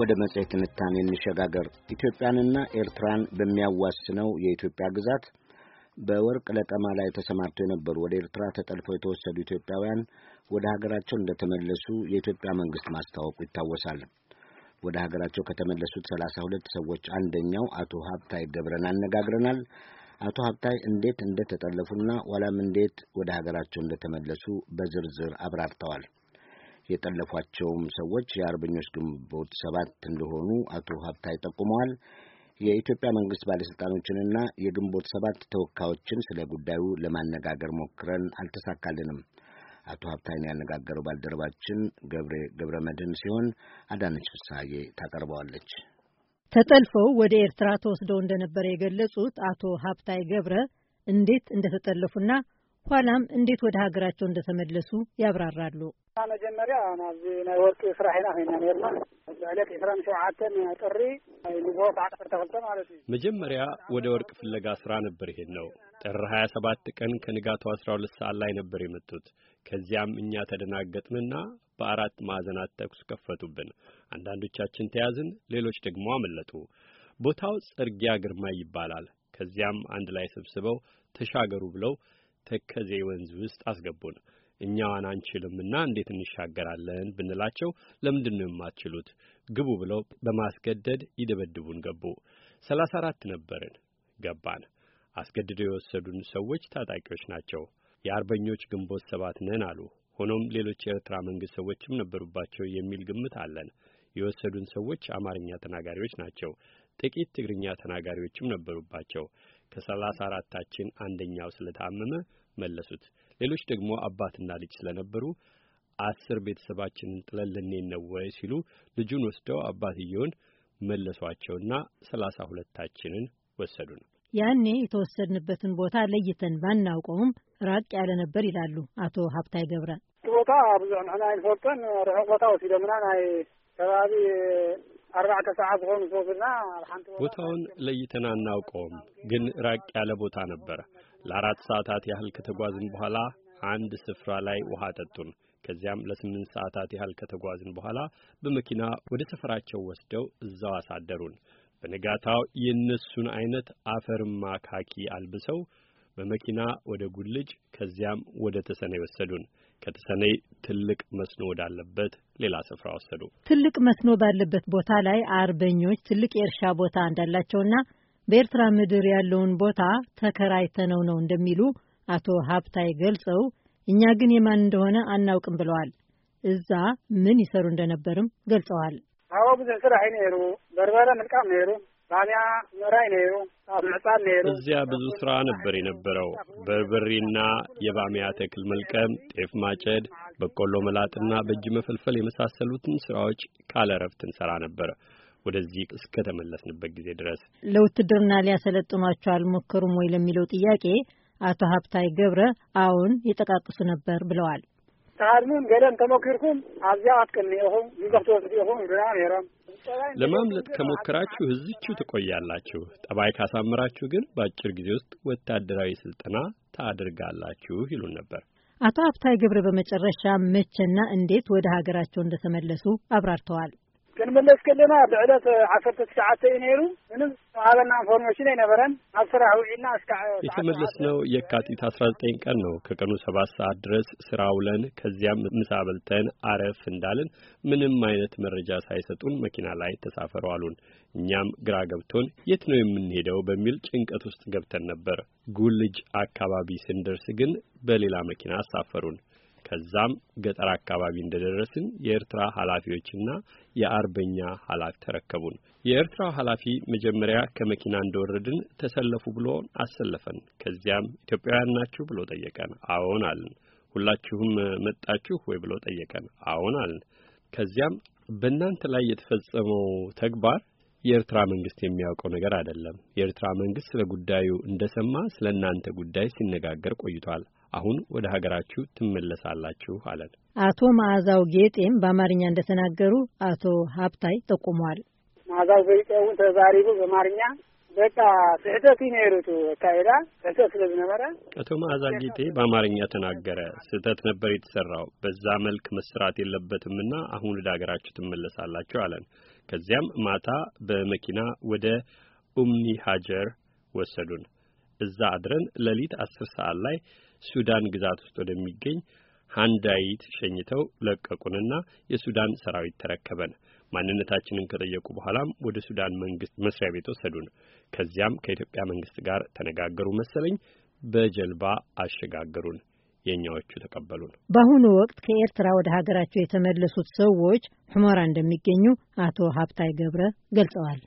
ወደ መጽሔት ትንታኔ እንሸጋገር። ኢትዮጵያንና ኤርትራን በሚያዋስነው የኢትዮጵያ ግዛት በወርቅ ለቀማ ላይ ተሰማርተው የነበሩ ወደ ኤርትራ ተጠልፈው የተወሰዱ ኢትዮጵያውያን ወደ ሀገራቸው እንደተመለሱ የኢትዮጵያ መንግስት ማስታወቁ ይታወሳል። ወደ ሀገራቸው ከተመለሱት ሰላሳ ሁለት ሰዎች አንደኛው አቶ ሀብታይ ገብረን አነጋግረናል። አቶ ሀብታይ እንዴት እንደተጠለፉና ኋላም እንዴት ወደ ሀገራቸው እንደተመለሱ በዝርዝር አብራርተዋል። የጠለፏቸውም ሰዎች የአርበኞች ግንቦት ሰባት እንደሆኑ አቶ ሀብታይ ጠቁመዋል። የኢትዮጵያ መንግስት ባለሥልጣኖችንና የግንቦት ሰባት ተወካዮችን ስለ ጉዳዩ ለማነጋገር ሞክረን አልተሳካልንም። አቶ ሀብታይን ያነጋገረው ባልደረባችን ገብሬ ገብረ መድህን ሲሆን አዳነች ፍሳዬ ታቀርበዋለች። ተጠልፈው ወደ ኤርትራ ተወስደው እንደነበረ የገለጹት አቶ ሀብታይ ገብረ እንዴት እንደተጠለፉና ኋላም እንዴት ወደ ሀገራቸው እንደተመለሱ ያብራራሉ። መጀመሪያ ናብዚ ናይ ወርቂ ስራሕ ኢና ኮይና ነርና ዕለት ዕስራን ሸውዓተን ጥሪ ልቦ ሰዓት ክልተ ማለት እዩ። መጀመሪያ ወደ ወርቅ ፍለጋ ስራ ነበር ይሄድ ነው። ጥር ሀያ ሰባት ቀን ከንጋቱ አስራ ሁለት ሰዓት ላይ ነበር የመጡት። ከዚያም እኛ ተደናገጥንና በአራት ማዕዘናት ተኩስ ከፈቱብን። አንዳንዶቻችን ተያዝን፣ ሌሎች ደግሞ አመለጡ። ቦታው ጽርጊያ ግርማ ይባላል። ከዚያም አንድ ላይ ሰብስበው ተሻገሩ ብለው ተከዜ ወንዝ ውስጥ አስገቡን። እኛዋን አንችልምና እንዴት እንሻገራለን ብንላቸው ለምንድን ነው የማትችሉት ግቡ ብለው በማስገደድ ይደበድቡን ገቡ። ሰላሳ አራት ነበርን ገባን። አስገድደው የወሰዱን ሰዎች ታጣቂዎች ናቸው። የአርበኞች ግንቦት ሰባት ነን አሉ። ሆኖም ሌሎች የኤርትራ መንግስት ሰዎችም ነበሩባቸው የሚል ግምት አለን። የወሰዱን ሰዎች አማርኛ ተናጋሪዎች ናቸው። ጥቂት ትግርኛ ተናጋሪዎችም ነበሩባቸው። ከሰላሳ አራታችን አንደኛው ስለታመመ መለሱት። ሌሎች ደግሞ አባትና ልጅ ስለነበሩ አስር ቤተሰባችንን ጥለን ልንሄድ ነው ወይ ሲሉ ልጁን ወስደው አባትየውን መለሷቸውና ሰላሳ ሁለታችንን ወሰዱን። ያኔ የተወሰድንበትን ቦታ ለይተን ባናውቀውም ራቅ ያለ ነበር ይላሉ አቶ ሀብታይ ገብረ። ቦታ ብዙ ንሕና ይንፈልጦን ርሑቅ ቦታ ወሲደምና ናይ ከባቢ አርባዕተ ሰዓት ዝኾኑ ሶስና ቦታውን ለይተን አናውቀውም፣ ግን ራቅ ያለ ቦታ ነበር። ለአራት ሰዓታት ያህል ከተጓዝን በኋላ አንድ ስፍራ ላይ ውሃ ጠጡን። ከዚያም ለስምንት ሰዓታት ያህል ከተጓዝን በኋላ በመኪና ወደ ሰፈራቸው ወስደው እዛው አሳደሩን። በነጋታው የእነሱን አይነት አፈርማ ካኪ አልብሰው በመኪና ወደ ጉልጅ ከዚያም ወደ ተሰነይ ወሰዱን። ከተሰነይ ትልቅ መስኖ ወዳለበት ሌላ ስፍራ ወሰዱ። ትልቅ መስኖ ባለበት ቦታ ላይ አርበኞች ትልቅ የእርሻ ቦታ እንዳላቸውና በኤርትራ ምድር ያለውን ቦታ ተከራይተነው ነው እንደሚሉ አቶ ሀብታይ ገልጸው፣ እኛ ግን የማን እንደሆነ አናውቅም ብለዋል። እዛ ምን ይሰሩ እንደነበርም ገልጸዋል። አዎ ብዙሕ ስራሕ ነይሩ፣ በርበረ ምልቃም ነይሩ ታዲያ መራይ ነሩ ምዕጣን ነሩ። እዚያ ብዙ ስራ ነበር የነበረው። በርበሬና የባሚያ ተክል መልቀም፣ ጤፍ ማጨድ፣ በቆሎ መላጥና በእጅ መፈልፈል የመሳሰሉትን ስራዎች ካለ እረፍት እንሰራ ነበር ወደዚህ እስከተመለስንበት ጊዜ ድረስ። ለውትድርና ሊያሰለጥኗቸው አልሞከሩም ወይ ለሚለው ጥያቄ አቶ ሀብታይ ገብረ አሁን ይጠቃቅሱ ነበር ብለዋል። ታድሙን ገለን ተመኪርኩም ኣብዚያ ወስድ ንዘክትወስዲኢኹም ግና ነይሮም ለማምለጥ ከሞከራችሁ እዚችሁ ትቆያላችሁ። ጠባይ ካሳምራችሁ ግን በአጭር ጊዜ ውስጥ ወታደራዊ ስልጠና ታደርጋላችሁ ይሉን ነበር። አቶ ሀብታይ ግብረ በመጨረሻ መቼና እንዴት ወደ ሀገራቸው እንደተመለሱ አብራርተዋል። ክንምለስ ከለና ብዕለት ዓሰርተ ትሽዓተ እዩ ነይሩ ምንም ዝተባሃለና ኢንፎርሜሽን ኣይነበረን ኣብ ስራሕ ውዒልና የተመለስ ነው የካጢት አስራ ዘጠኝ ቀን ነው ከቀኑ ሰባት ሰዓት ድረስ ስራ ውለን ከዚያም ምሳ በልተን አረፍ እንዳልን ምንም አይነት መረጃ ሳይሰጡን መኪና ላይ ተሳፈሩ አሉን። እኛም ግራ ገብቶን የት ነው የምንሄደው በሚል ጭንቀት ውስጥ ገብተን ነበር። ጉልጅ አካባቢ ስንደርስ ግን በሌላ መኪና አሳፈሩን። ከዛም ገጠር አካባቢ እንደደረስን የኤርትራ ኃላፊዎችና የአርበኛ ኃላፊ ተረከቡን። የኤርትራው ኃላፊ መጀመሪያ ከመኪና እንደወረድን ተሰለፉ ብሎ አሰለፈን። ከዚያም ኢትዮጵያውያን ናችሁ ብሎ ጠየቀን። አዎን አልን። ሁላችሁም መጣችሁ ወይ ብሎ ጠየቀን። አዎን አልን። ከዚያም በእናንተ ላይ የተፈጸመው ተግባር የኤርትራ መንግስት የሚያውቀው ነገር አይደለም። የኤርትራ መንግስት ስለ ጉዳዩ እንደሰማ ስለ እናንተ ጉዳይ ሲነጋገር ቆይቷል። አሁን ወደ ሀገራችሁ ትመለሳላችሁ አለን። አቶ ማዕዛው ጌጤም በአማርኛ እንደተናገሩ አቶ ሀብታይ ጠቁመዋል። ማዕዛው ዘይጠውን ተዛሪቡ በአማርኛ በቃ ስህተት ይነሩት አካሄዳ ስህተት ስለዝነበረ አቶ ማዕዛ ጌጤ በአማርኛ ተናገረ። ስህተት ነበር የተሰራው፣ በዛ መልክ መስራት የለበትምና አሁን ወደ ሀገራችሁ ትመለሳላችሁ አለን። ከዚያም ማታ በመኪና ወደ ኡሚ ሀጀር ወሰዱን። እዛ አድረን ሌሊት አስር ሰዓት ላይ ሱዳን ግዛት ውስጥ ወደሚገኝ ሃንዳይት ሸኝተው ለቀቁንና የሱዳን ሰራዊት ተረከበን። ማንነታችንን ከጠየቁ በኋላም ወደ ሱዳን መንግስት መስሪያ ቤት ወሰዱን። ከዚያም ከኢትዮጵያ መንግስት ጋር ተነጋገሩ መሰለኝ። በጀልባ አሸጋገሩን። የኛዎቹ ተቀበሉን። በአሁኑ ወቅት ከኤርትራ ወደ ሀገራቸው የተመለሱት ሰዎች ሑመራ እንደሚገኙ አቶ ሀብታይ ገብረ ገልጸዋል።